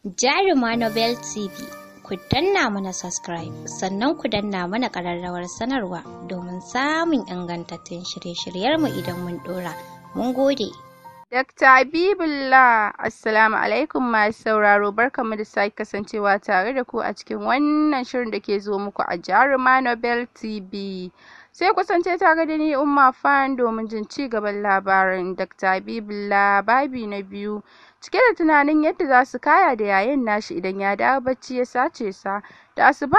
Jaruma Nobel TV. Ku danna mana subscribe sannan ku danna mana kararrawar sanarwa domin samun ingantattun shirye-shiryarmu idan mun ɗora. Mun gode. Dakta Bibullah, Assalamu alaikum masu sauraro barkamu da sake kasancewa tare da ku a cikin wannan shirin da ke zo muku a jarima Nobel TV. sai kusance tare da ni Umma Fan domin jin ci gaban labarin Dakta Bibullah babi na biyu. cike da tunanin yadda za su kaya da yayin nashi idan ya dawo bacci ya sace sa da asuba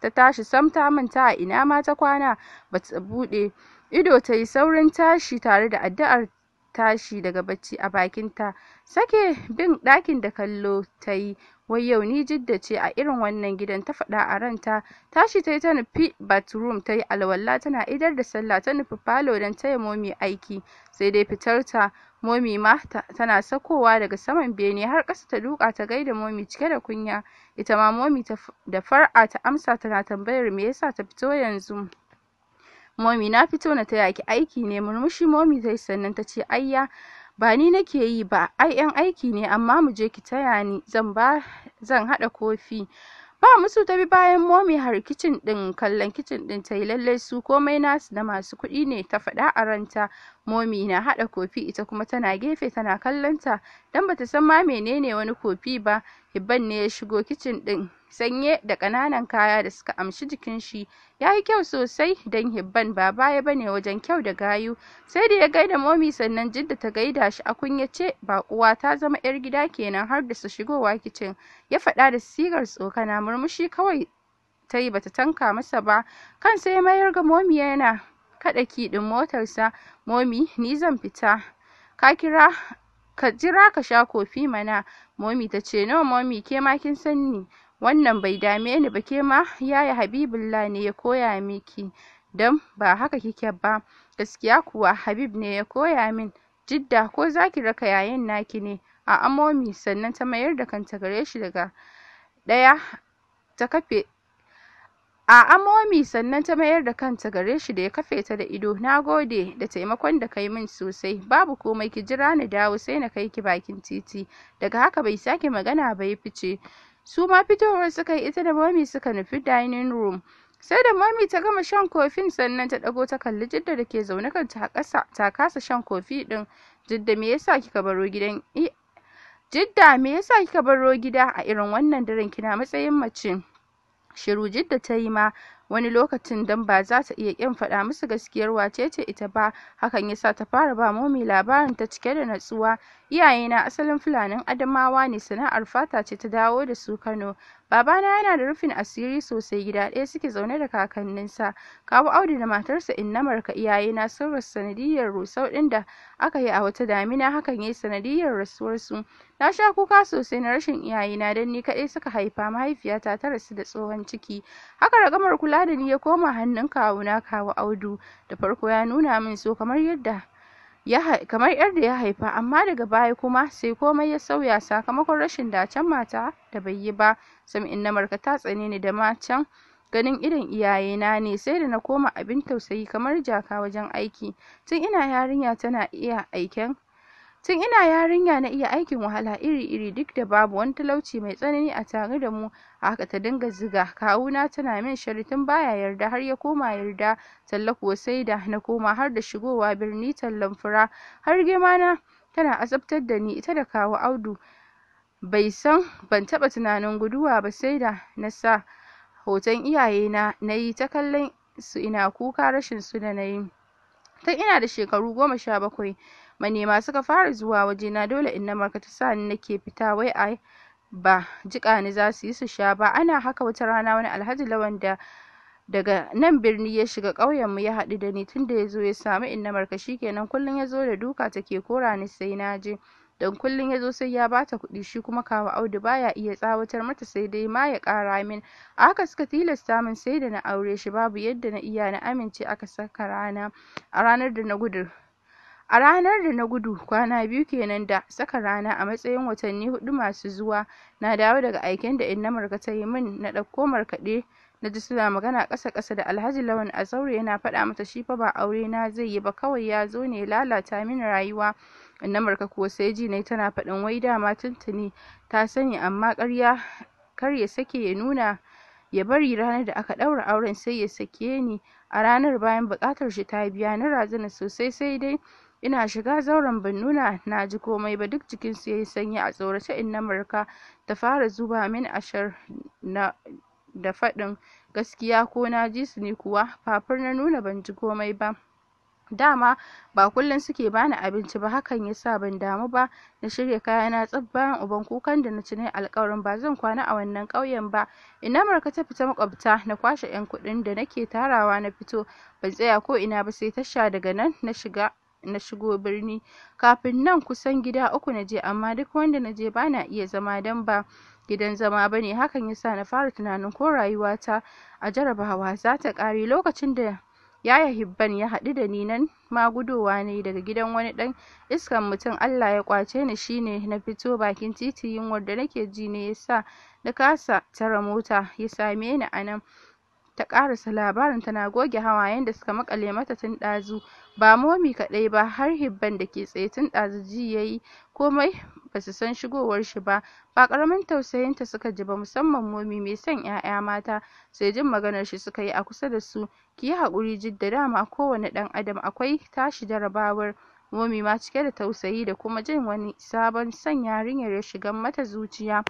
ta tashi sam ta manta a ina ma ta kwana bata bude ido ta yi saurin tashi tare da addu'ar tashi daga bacci a bakinta sake bin ɗakin da kallo ta yi wai yau ni Jidda ce a irin wannan gidan ta faɗa a ranta tashi tayi ta nufi bathroom tayi alwala tana idar da sallah ta nufi falo don taya momi aiki sai dai fitar ta momi ma tana sakowa daga saman bene har ƙasa ta duka ta gaida momi cike da kunya ita ma momi da far'a ta amsa tana tambayar me yasa ta fito yanzu momi na fito na taya ki aiki ne murmushi momi tayi sannan tace ayya "Ba ni nake yi ba, ai 'yan aiki ne amma mu je ki taya ni, zan ba zan haɗa kofi." Ba musu ta bi bayan momi har kicin ɗin, kallon kicin ɗin tayi lallai su komai nasu na masu kuɗi ne, ta faɗa a ranta. Momi na haɗa kofi ita kuma tana gefe tana kallon ta, don bata san ma menene wani kofi ba. Hibban ne ya shigo kicin ɗin sanye da ƙananan kaya da suka amshi jikin shi. Ya yi kyau sosai don Hibban ba baya bane wajen kyau da gayu. Sai da ya gaida momi sannan Jidda ta gaida shi a kunyace ba uwa ta zama 'yar gida kenan har da su shigowa kicin. Ya faɗa da sigar tsokana murmushi kawai ta yi bata tanka masa ba. Kan sai mayar ga momi yana kaɗa kiɗin motarsa. Momi ni zan fita. Ka kira ka jira ka sha kofi mana Momi ta tace "No Ke ma kin san ni wannan bai dame ni ba ma? yaya habibullah ne ya koya miki dan ba haka kike ba gaskiya kuwa Habib ne ya koya min Jidda ko zaki raka yayan naki ne a'a momi sannan ta mayar da kanta gare shi daga ɗaya ta kafe A'a momi, sannan ta mayar da kanta gare shi da ya kafe ta da ido. Na gode da taimakon da kai min sosai. Babu komai ki jira ni dawo sai na kai ki bakin titi. Daga haka bai sake magana ba ya fice. Su ma fitowar suka yi ita da momi suka nufi dining room. Sai da momi ta gama shan kofin sannan ta ɗago ta kalli Jidda da ke zaune kanta a ƙasa ta kasa shan kofi ɗin. Jidda me yasa kika baro gidan Jidda me yasa kika baro gida a irin wannan daren kina matsayin mace? Shiru Jidda ta yi ma wani lokacin dan ba za ta iya kin faɗa musu gaskiyar ce-ce ita ba hakan yasa ta fara ba momi labarin ta cike da natsuwa iyayena asalin fulanin adamawa ne sana'ar fata ce ta dawo da su kano babana yana da rufin asiri sosai gida ɗaya suke zaune da kakanninsa kawo audu da matarsa in na marka iyayena sun rasu sanadiyar rusau ɗin da aka yi a wata damina hakan yayi sanadiyyar rasuwarsu na sha kuka sosai na rashin iyayena don ni kaɗai suka haifa mahaifiyata ta rasu da tsohon ciki haka ragamar kula ni ya koma hannun kawuna kawu audu da farko ya nuna min so kamar yadda kamar da ya haifa amma daga baya kuma sai komai ya sauya sakamakon rashin dacen mata da bai yi ba sam inna marka ta tsane ni da macen ganin irin iyayena ne sai da na koma abin tausayi kamar jaka wajen aiki tun ina yarinya tana iya aiken Tun ina yarinya na iya aikin wahala iri-iri duk da babu wani talauci mai tsanani a tare da mu, aka ta dinga ziga, kawuna tana min shari tun baya yarda har ya koma yarda, talla kuwa sai da na koma har da shigowa birni tallan fura, har girma na tana azabtar da ni ita da kawu Audu bai san ban taba tunanin guduwa ba sai da na sa hoton iyayena na yi ta kallon su ina kuka rashin su da na yi. Tun ina da shekaru goma sha bakwai manema suka fara zuwa wajena dole inna ta sa ni nake fita wai a ba jiƙa ni za su yi su sha ba ana haka wata rana wani alhaji lawan da daga nan birni ya shiga ƙauyen mu ya haɗu da ni tunda ya zo ya samu inna marka shi shikenan kullum ya zo da duka take kora ni sai na je don kullum ya zo sai ya bata kuɗi shi kuma kawo audu baya iya tsawatar mata sai dai ma ya ƙara min a haka suka tilasta min sai da na aure shi babu yadda na iya na amince aka saka rana a ranar da na gudu A ranar da na gudu kwana biyu kenan da saka rana a matsayin watanni huɗu masu zuwa na dawo daga aiken da innamurka ta yi min na ɗauko markaɗe na ji suna magana ƙasa-ƙasa da Alhaji Lawan a zaure yana faɗa mata shi fa ba aure na zai yi ba kawai ya zo ne ya lalata min rayuwa innamurka kuwa sai ji nayi tana faɗin wai dama tuntuni ta sani amma ƙarya kar ya sake ya nuna ya bari ranar da aka ɗaura auren sai ya sake ni a ranar bayan buƙatar shi ta biya na razana sosai sai dai Ina shiga zauren ban nuna na ji komai ba, duk jikinsu su yayi sanyi, a tsorace Innamurka ta fara zuba min ashar da faɗin gaskiya ko na ji su ne kuwa fafur na nuna ban ji komai ba. dama ba kullum suke bani abinci ba hakan yasa ban damu ba na shirya na tsaf bayan uban kukan da na ci na alkawarin ba zan kwana a wannan ƙauyen ba na marka ta fita makwabta na kwashe yan kuɗin da nake tarawa na fito ban tsaya ko ina ba sai tasha daga nan na shiga na shigo birni kafin nan kusan gida uku na je amma duk wanda na je bana iya zama dan ba gidan zama ba ne, hakan yasa na fara tunanin ko rayuwata a jarabawa zata ƙare lokacin da yaya hibban ya haɗu da ni nan ma gudowa ne daga gidan wani ɗan iskan mutum Allah ya ƙwace ni shine na fito bakin titi yunwar da nake ji ne sa na kasa tare mota ya same ni a nan ta karasa labarin tana goge hawayen da suka makale mata tun ɗazu ba momi kaɗai ba har hibban da ke tsaye tun ɗazu ji yayi komai ba su san shigowar shi ba ba ƙaramin tausayin ta suka ji ba musamman momi mai son 'ya'ya mata sai jin maganar shi suka yi a kusa da su ki yi haƙuri da dama kowane ɗan adam akwai tashi jarabawar momi ma cike da tausayi da kuma jin wani sabon son yarinyar ya shiga mata zuciya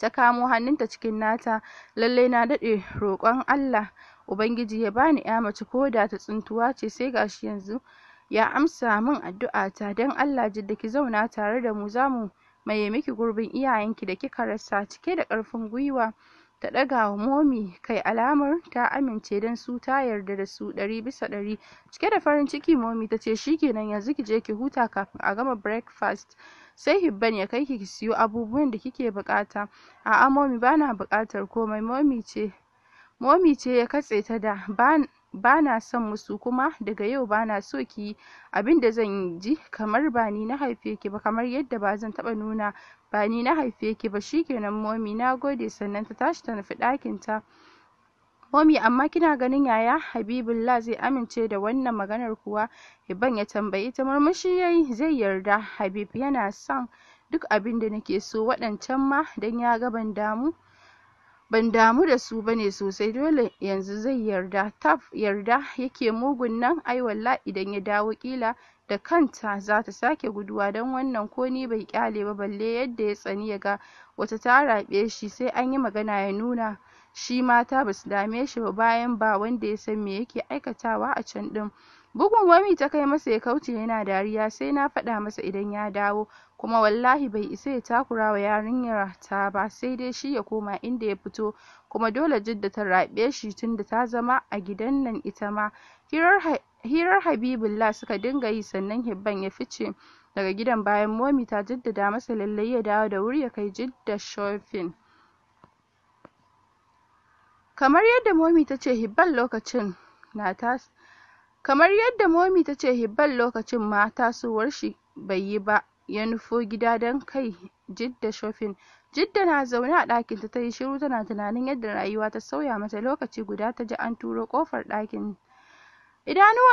ta kamo hannunta cikin nata lallai na daɗe roƙon Allah ubangiji ya bani ya mace ko da ta tsintuwa ce sai gashi yanzu ya amsa min ta don Allah jidda ki zauna tare da mu zamu maye miki gurbin iyayenki da kika rasa cike da ƙarfin gwiwa ta ɗaga wa Momi kai alamar ta amince don su ta yarda da su ɗari bisa ɗari. Cike da farin ciki Momi ta ce shikenan yanzu ki je ki huta kafin a gama breakfast. sai Hibban ya kai ki ki siyo abubuwan da kike bukata. A'a momi bana bukatar komai momi ce momi ce ya katse ta da bana son musu kuma daga yau bana so ki yi abin da zan ji kamar ba ni na haife ki ba kamar yadda ba zan taɓa nuna ba ni na haife ki ba shikenan momi na gode sannan ta tashi ta nufi ɗakin ta momi amma kina ganin yaya habibullah zai amince da wannan maganar kuwa iban ya tambayi ta murmushi yayi zai yarda habib yana son duk abin da nake so waɗancan ma dan ya ga ban damu ban damu da su bane sosai dole yanzu zai yarda taf yarda yake mugun nan ai wallahi idan ya dawo ƙila da kanta zata sake guduwa dan wannan ko ni bai kyale ba balle yadda ya tsani ya ga wata ta raɓe shi sai anyi magana ya nuna shi mata basu dame shi ba bayan ba wanda ya san me yake aikatawa a can ɗin bugun wami ta kai masa ya kauce yana dariya sai na faɗa masa idan ya dawo kuma wallahi bai isa ya takura wa yarinyar ta ba sai dai shi ya koma inda ya fito kuma dole jidda ta raɓe shi tunda ta zama a gidan nan ita ma hirar habibullah suka dinga yi sannan hibban ya fice daga gidan bayan momi ta jaddada masa lallai ya dawo da wuri ya kai jidda shopping kamar yadda momi ta ce hibban lokacin na ta Kamar yadda Momi ta ce lokacin ma tasowar shi bai yi ba, ya nufo gida don kai Jidda shopping, Jidda na zaune a ɗakinta tayi shiru tana tunanin yadda rayuwa ta sauya mata lokaci guda ta ji an turo ƙofar ɗakin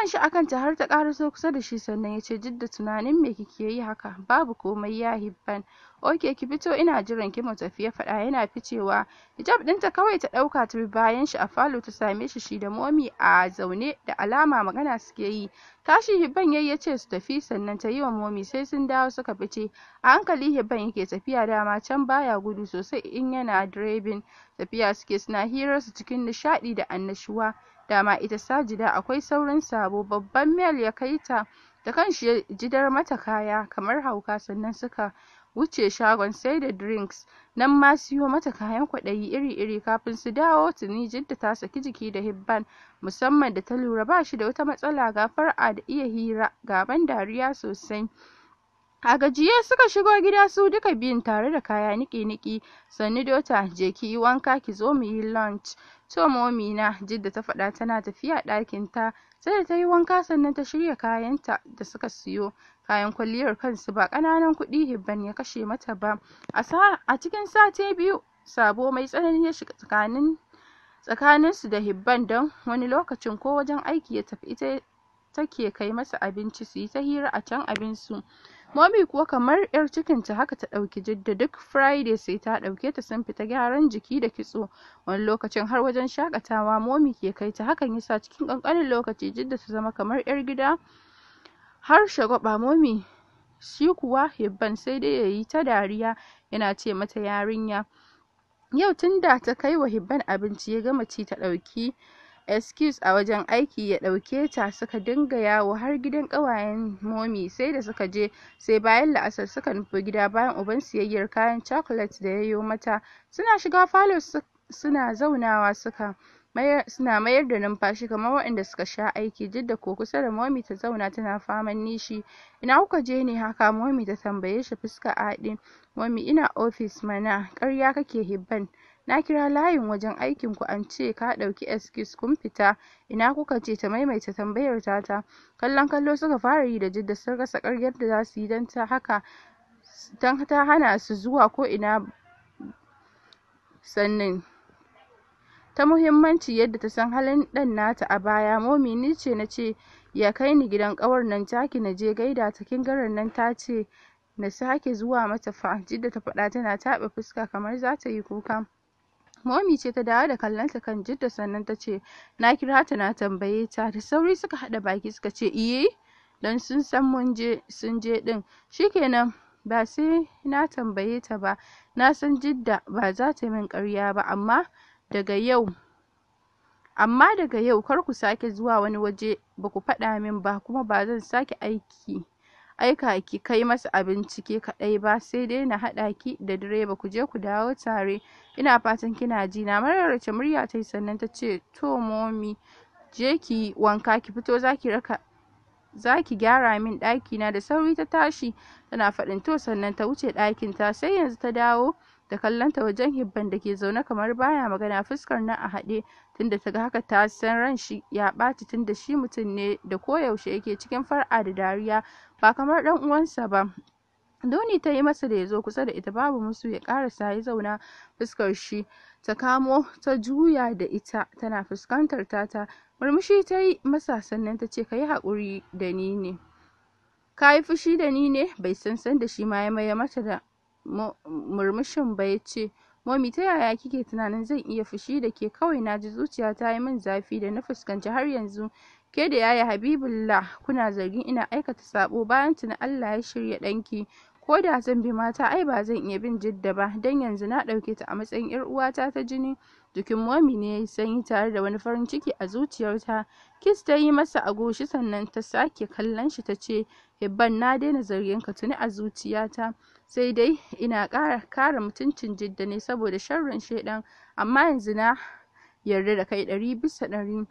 shi a kanta har ta karaso kusa da shi sannan ya ce, "Jidda tunanin me kike yi haka, babu komai ya Hibban, ok ki fito ina jiran ki mu tafi" ya faɗa yana ficewa, hijab ta kawai ta ɗauka ta bi bayan shi a falo ta same shi shi da Momi a zaune da alama magana suke yi. Tashi Hibban yayi ya su tafi sannan ta yi wa Momi sai sun dawo suka fice. A hankali Hibban yake tafiya dama can baya gudu sosai in yana direbin tafiya suke suna hirar su cikin nishadi da annashuwa. dama ita Sajida akwai saurin sabo babban mel ya kai ta da kanshi ya jidar mata kaya kamar hauka sannan suka wuce shagon sai da drinks nan ma siyo mata kayan kwaɗayi iri-iri kafin su dawo tuni jidda ta saki jiki da hibban musamman da ta lura ba shi da wata matsala ga far'a da iya hira gaban dariya sosai A gajiye suka shigo gida su duka biyun tare da kaya niki-niki. "Sannu dota je kiyi wanka kizo muyi lunch." "To momi na," Jidda ta faɗa tana tafiya ɗakin ta. Sai da tayi wanka sannan ta shirya kayanta da suka siyo. Kayan kwalliyar kansu ba ƙananan kuɗi Hibban ya kashe mata ba. A cikin sati biyu, sabo mai tsanani ya shiga tsakanin tsakaninsu da Hibban don wani lokacin ko wajen aiki ya tafi ita take kai masa abinci suyi ta hira a can abin su. Mommy kuwa kamar yar ta haka ta ɗauki Jidda duk Friday sai ta ɗauke ta sun fita gyaran jiki da kitso wani lokacin har wajen shakatawa Mommy ke kai ta hakan yasa cikin ƙanƙanin lokaci Jidda ta zama kamar yar gida har shagwaba Mommy shi kuwa Hibban sai dai yayi ta dariya yana ce mata yarinya yau tunda ta kai wa Hibban abinci ya gama ci ta ɗauki. excuse a wajen aiki ya ɗauke ta suka dinga yawo har gidan ƙawayen momi sai da suka je sai bayan la'asar suka nufi gida bayan uban siyayyar kayan chocolate da ya yayo mata suna shiga falo suna zaunawa suka suna mayar da numfashi kamar waɗanda suka sha aiki Jidda ko kusa da Momi ta zauna tana faman nishi ina kuka je ne haka Momi ta tambaye shi fuska a haɗe Momi ina ofis mana ƙarya kake hibban na kira layin wajen aikin ku an ce ka ɗauki excuse kun fita ina kuka ce ta maimaita tambayar tata kallon kallo suka fara yi da Jidda sun rasa ƙaryar da za su yi don ta haka don ta hana su zuwa ko ina sannan ta muhimmanci yadda ta san halin ɗan nata a baya, momi ni ce na ce. ya kai ni gidan ƙawar nan taki naje gaida ta kingarar nan ta ce na sake zuwa mata fa" Jidda ta faɗa tana taɓa fuska kamar za ta yi kuka. Momi ce ta dawo da kallonta kan Jidda sannan ta ce, "Na kira ta na tambaye ta." Da sauri suka haɗa baki suka ce, "Iye?" Don sun san mun je sun je ɗin. Shikenan ba sai na tambaye ta ba. Na san Jidda ba za ta yi min ƙarya ba amma daga yau amma daga yau kar ku sake zuwa wani waje ba ku faɗa min ba kuma ba zan sake aiki aika ki kai masa abinci ke kaɗai ba sai dai na haɗa ki da direba ku je ku dawo tare ina fatan kina ji na mararce murya ta yi sannan ta ce to momi je ki wanka ki fito zaki raka zaki gyara min ɗakina da sauri ta tashi tana faɗin to sannan ta wuce ɗakin ta sai yanzu ta dawo da kallonta wajen hibban da ke zaune kamar baya magana fuskar nan a haɗe tunda ta ga haka ta san ran shi ya ɓaci tunda shi mutum ne da koyaushe yake cikin far'a da dariya ba kamar ɗan uwansa ba Doni ta yi masa da ya zo kusa da ita babu musu ya karasa ya zauna fuskar shi ta kamo ta juya da ita tana fuskantar tata murmushi ta yi masa sannan ta ce ka yi haƙuri da ni ne ka yi fushi da ni ne bai san san da shi ma ya maye mata da murmushin ba ya ce, "Mommy, ta yaya kike tunanin zan iya fushi da ke kawai na ji zuciya ta yi min zafi da na fuskanci har yanzu ke da Yaya Habibullah kuna zargin ina aikata sabo bayan tuni Allah ya shirya ɗanki ko da zan bi mata ai ba zan iya bin Jidda ba dan yanzu na ɗauke ta a matsayin 'yar uwata ta jini jikin Momi ne ya yayi sanyi tare da wani farin ciki a zuciyarta Kiss ta yi masa a goshi sannan ta sake kallon shi ta ce Hibban na daina zargin ka tuni a zuciyata sai dai ina kare mutuncin Jidda ne saboda sharrin shaiɗan amma yanzu na yarda da kai ɗari bisa ɗari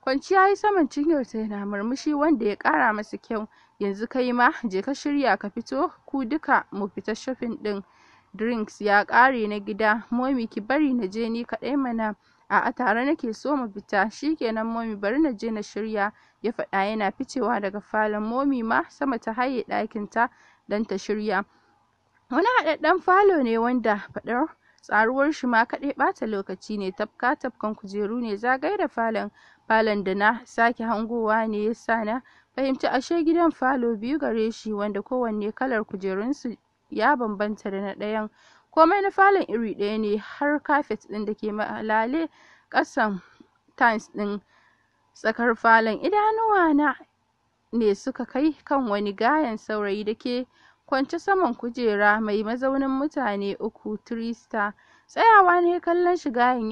kwanciya yi saman cinyarta yana murmushi wanda ya ƙara masa kyau yanzu kai ma je ka shirya ka fito ku duka mu fita shopping ɗin drinks ya ƙare na gida momi ki bari na je ni kaɗai mana a'a tare nake so mu fita shi shikenan momi bari na je na shirya ya faɗa yana ficewa daga falon momi ma sama ta haye ɗakin ta dan ta shirya Wani haɗaɗɗen falo ne wanda faɗar tsaruwar shi ma kadai bata lokaci ne, tafka-tafkan kujeru ne zagaye da falon, falon da na sake hangowa ne yasa na fahimci ashe gidan falo biyu gare shi wanda kowanne kalar kujerunsu ya bambanta da na ɗayan, komai na falon iri ɗaya ne har kafet ɗin dake malale ƙasan tiles ɗin tsakar falon, idanuwa na ne suka kai kan wani gayan saurayi dake kwance saman kujera mai mazaunin mutane uku three-star, tsayawa ne kallon shi gayen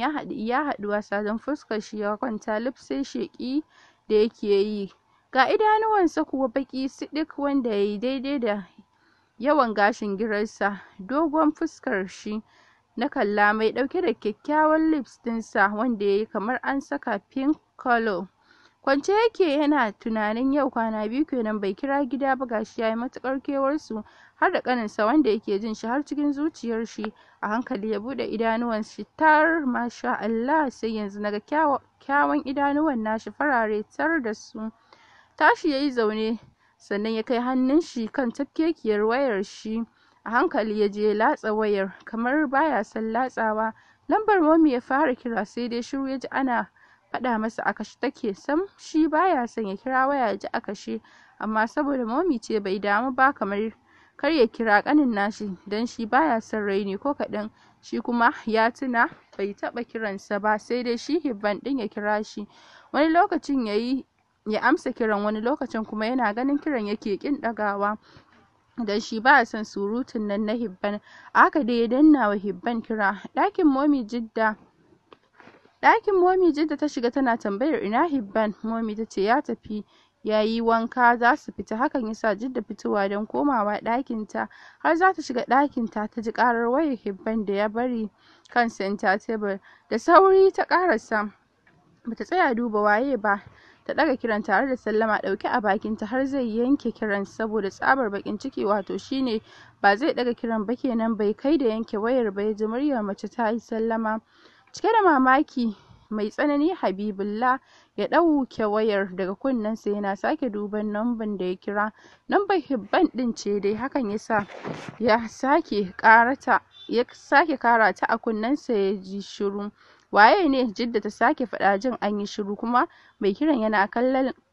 ya haɗu wasa don fuskar shi ya kwanta luf sheƙi da yake yi ga idanuwansa kuwa baƙi siɗik wanda yayi daidai da yawan gashin girarsa dogon fuskar shi na kalla mai ɗauke da kyakkyawan lips ɗinsa wanda yayi kamar an saka pink colour Kwance yake yana tunanin yau kwana biyu kenan bai kira gida ba gashi yayi matukar kewar su har da kaninsa wanda yake jin shi har cikin zuciyar shi, a hankali ya bude idanuwan shi tar Masha Allah sai yanzu naga kyawun idanuwan nashi farare tar da su tashi yayi zaune sannan ya kai hannun shi kan tafkekiyar wayar shi a hankali ya je latsa wayar kamar baya son latsawa lambar momi ya fara kira sai dai shiru ya ji ana faɗa masa akashi take sam shi baya son ya kira waya ya ji Akashi amma saboda momi ce bai damu ba kamar kar ya kira kanin nashi dan shi baya son raini ko kaɗan shi kuma ya tuna bai taɓa kiransa ba sai dai shi hibban ɗin ya kira shi wani lokacin yi ya amsa kiran wani lokacin kuma yana ganin kiran yake kin ɗagawa dan shi baya son surutun nan na hibban aka dai ya danna wa hibban kira ɗakin momi jidda Ɗakin momi Jidda ta shiga tana tambayar ina Hibban, momi ta ce ya tafi yayi wanka za su fita hakan yasa Jidda fitowa don komawa ɗakin ta har ta shiga ɗakin ta ta ji karar wayar Hibban da ya bari kan center table, da sauri ta karasa bata tsaya duba waye ba ta daga kiran tare da sallama dauke a bakin ta har zai yanke kiran saboda tsabar bakin ciki wato shine ba zai daga kiran ba kenan bai kai da yanke wayar ba ya ji muryar mace ta yi sallama Cike da mamaki mai tsanani Habibullah ya ɗauke wayar daga kunnen kunnensa yana sake duban lambar da ya kira, lambar Hibban ɗin ce dai hakan yasa ya sake sake karata a kunnen sa ya ji shiru. "Waye ne?" Jidda ta sake faɗa jin an yi shiru kuma mai kiran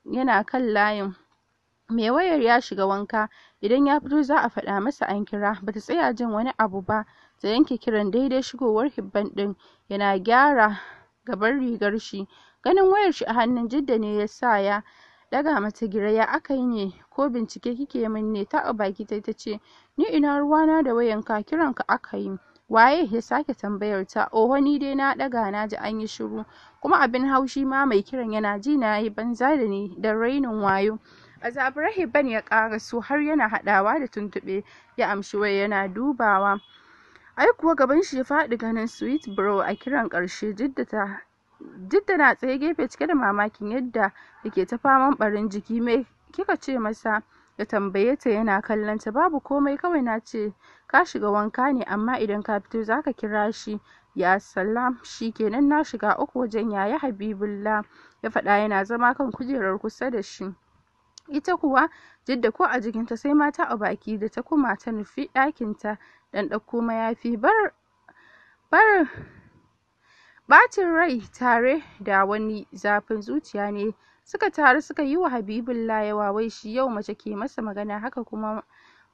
yana kan layin. Mai wayar ya shiga wanka, idan ya fito za a faɗa masa an kira, bata tsaya jin wani abu ba. ta yanke kiran daidai shigowar Hibban din yana gyara gaban rigar shi ganin wayar shi a hannun Jidda ne yasa ya daga mata giraya aka yi ne ko bincike kike min ne ta baki tai ce. ni ina ruwa na da wayan wayanka ka aka yi waye ya sake tambayar ta oho ni dai na daga na ji an yi shiru kuma abin haushi ma mai kiran yana ji na yi banza da ni da rainin wayo azabi rahiban ya karaso har yana hadawa da tuntube ya amshi waya yana dubawa ai kuwa gaban shi ya faɗi ganin sweet bro a kiran karshe Jidda na tsaye gefe cike da mamakin yadda yake ta faman barin jiki mai kika ce masa ya tambaye ta yana kallon ta babu komai kawai na ce ka shiga wanka ne amma idan ka fito zaka kira shi ya salam kenan na shiga uku wajen yaya habibullah ya faɗa yana zama kan kujerar kusa da shi ita kuwa jidda ko a jikinta sai mata a baki da ta kuma ta nufi ɗakinta dan ɗauko mayafi bar bar bacin rai tare da wani zafin zuciya ne suka taru suka yi wa Habibullah yawa wai shi yau mace ke masa magana haka kuma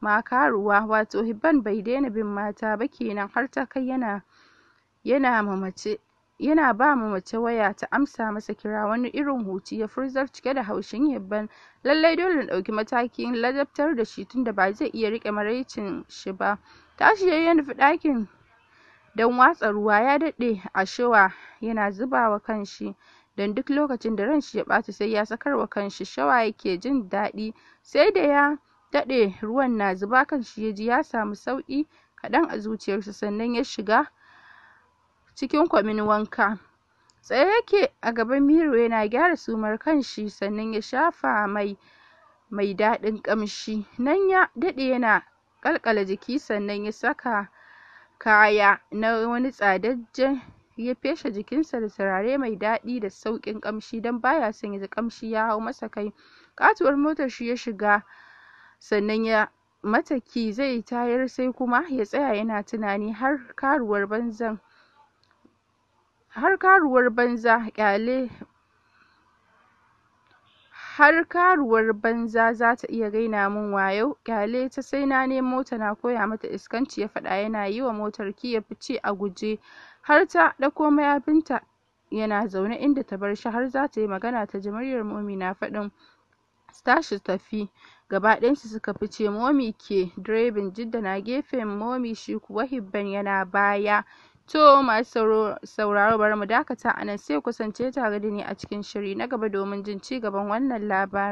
makaruwa wato Hibban bai daina bin mata ba kenan har ta kai yana yana ma mace yana ba ma mace waya ta amsa masa kira wani irin huci ya furzar cike da haushin Hibban lallai dole na ɗauki matakin ladabtar da shi tunda ba zai iya rike maraicin shi ba tashi yayi ya nufi ɗakin don watsa ruwa ya daɗe a shawa yana zubawa kanshi don duk lokacin da ranshi ya ɓaci sai ya sakarwa kanshi shawa yake jin daɗi sai da ya daɗe ruwan na zuba kanshi yaji ya samu sauki kaɗan a zuciyarsa sannan ya shiga cikin kwamin wanka tsaye yake a gaban miro yana gyara sumar kanshi sannan ya shafa mai mai daɗin ƙamshi nan ya daɗe yana ƙalƙala jiki sannan ya saka kaya na wani tsadajjen ya feshe jikinsa da turare mai daɗi da sauƙin ƙamshi don baya son ya ji ƙamshi ya hau masa kai ƙatuwar motar shi ya shiga sannan ya mata zai tayar sai kuma ya tsaya yana tunani har karuwar banzan har karuwar banza ƙyale har karuwar banza za ta iya gaina min wayo, kyale ta sai na nemo ta na koya mata iskanci ya faɗa yana wa motar ki ya fice a guje har ta ɗako mayafinta yana zaune inda ta bar shi har za ta yi magana ta ji muryar Momi na faɗin su tashi tafi gaba ɗayansu suka fice Momi ke direbin Jidda na gefen Momi shi kuwa Hibban yana baya To masu sauraro bari mu dakata a sai ku kasance tare da ni a cikin shiri na gaba domin jin ci gaban wannan labarin.